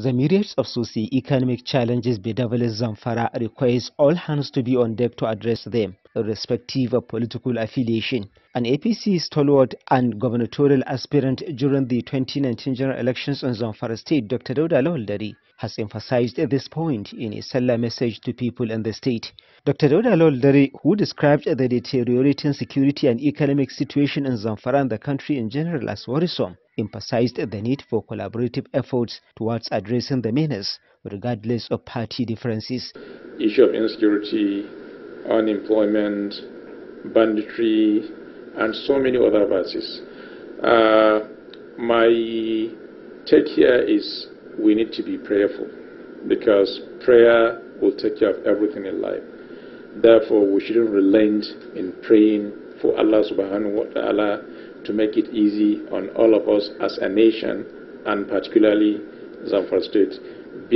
The myriads of socio-economic challenges bedeviling Zamfara requires all hands to be on deck to address them, irrespective of political affiliation. An APC stalwart and gubernatorial aspirant during the 2019 general elections on Zamfara state, Dr. Dauda Lawaldari, has emphasized this point in a stellar message to people in the state. Dr. Dauda Lawaldari, who described the deteriorating security and economic situation in Zamfara and the country in general as worrisome, emphasized the need for collaborative efforts towards addressing the menace, regardless of party differences. Issue of insecurity, unemployment, banditry, and so many other verses. Uh, my take here is we need to be prayerful because prayer will take care of everything in life. Therefore, we shouldn't relent in praying for Allah subhanahu wa ta'ala to make it easy on all of us as a nation and particularly Zamfara State.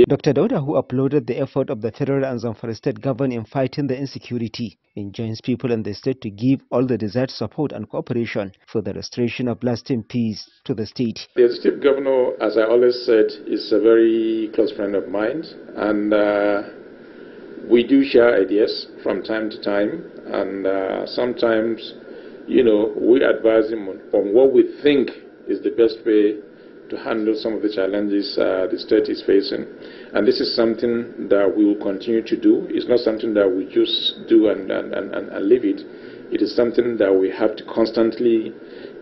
Dr. Dauda, who applauded the effort of the federal and Zamfara state government in fighting the insecurity, enjoins people in the state to give all the desired support and cooperation for the restoration of lasting peace to the state. The state governor, as I always said, is a very close friend of mine, and uh, we do share ideas from time to time, and uh, sometimes you know, we advise him on, on, what we think is the best way to handle some of the challenges uh, the state is facing. And this is something that we will continue to do. It's not something that we just do and, and, and, and leave it. It is something that we have to constantly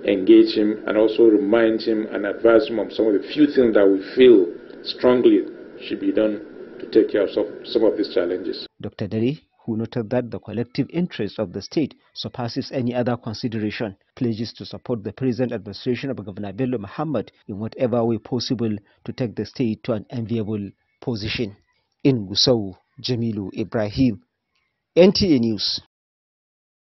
engage him and also remind him and advise him on some of the few things that we feel strongly should be done to take care of some of these challenges. Dr. Derry, who noted that the collective interest of the state surpasses any other consideration, pledges to support the present administration of Governor Bello Muhammad in whatever way possible to take the state to an enviable position. In Gusau, Jamilu Ibrahim, NTA News.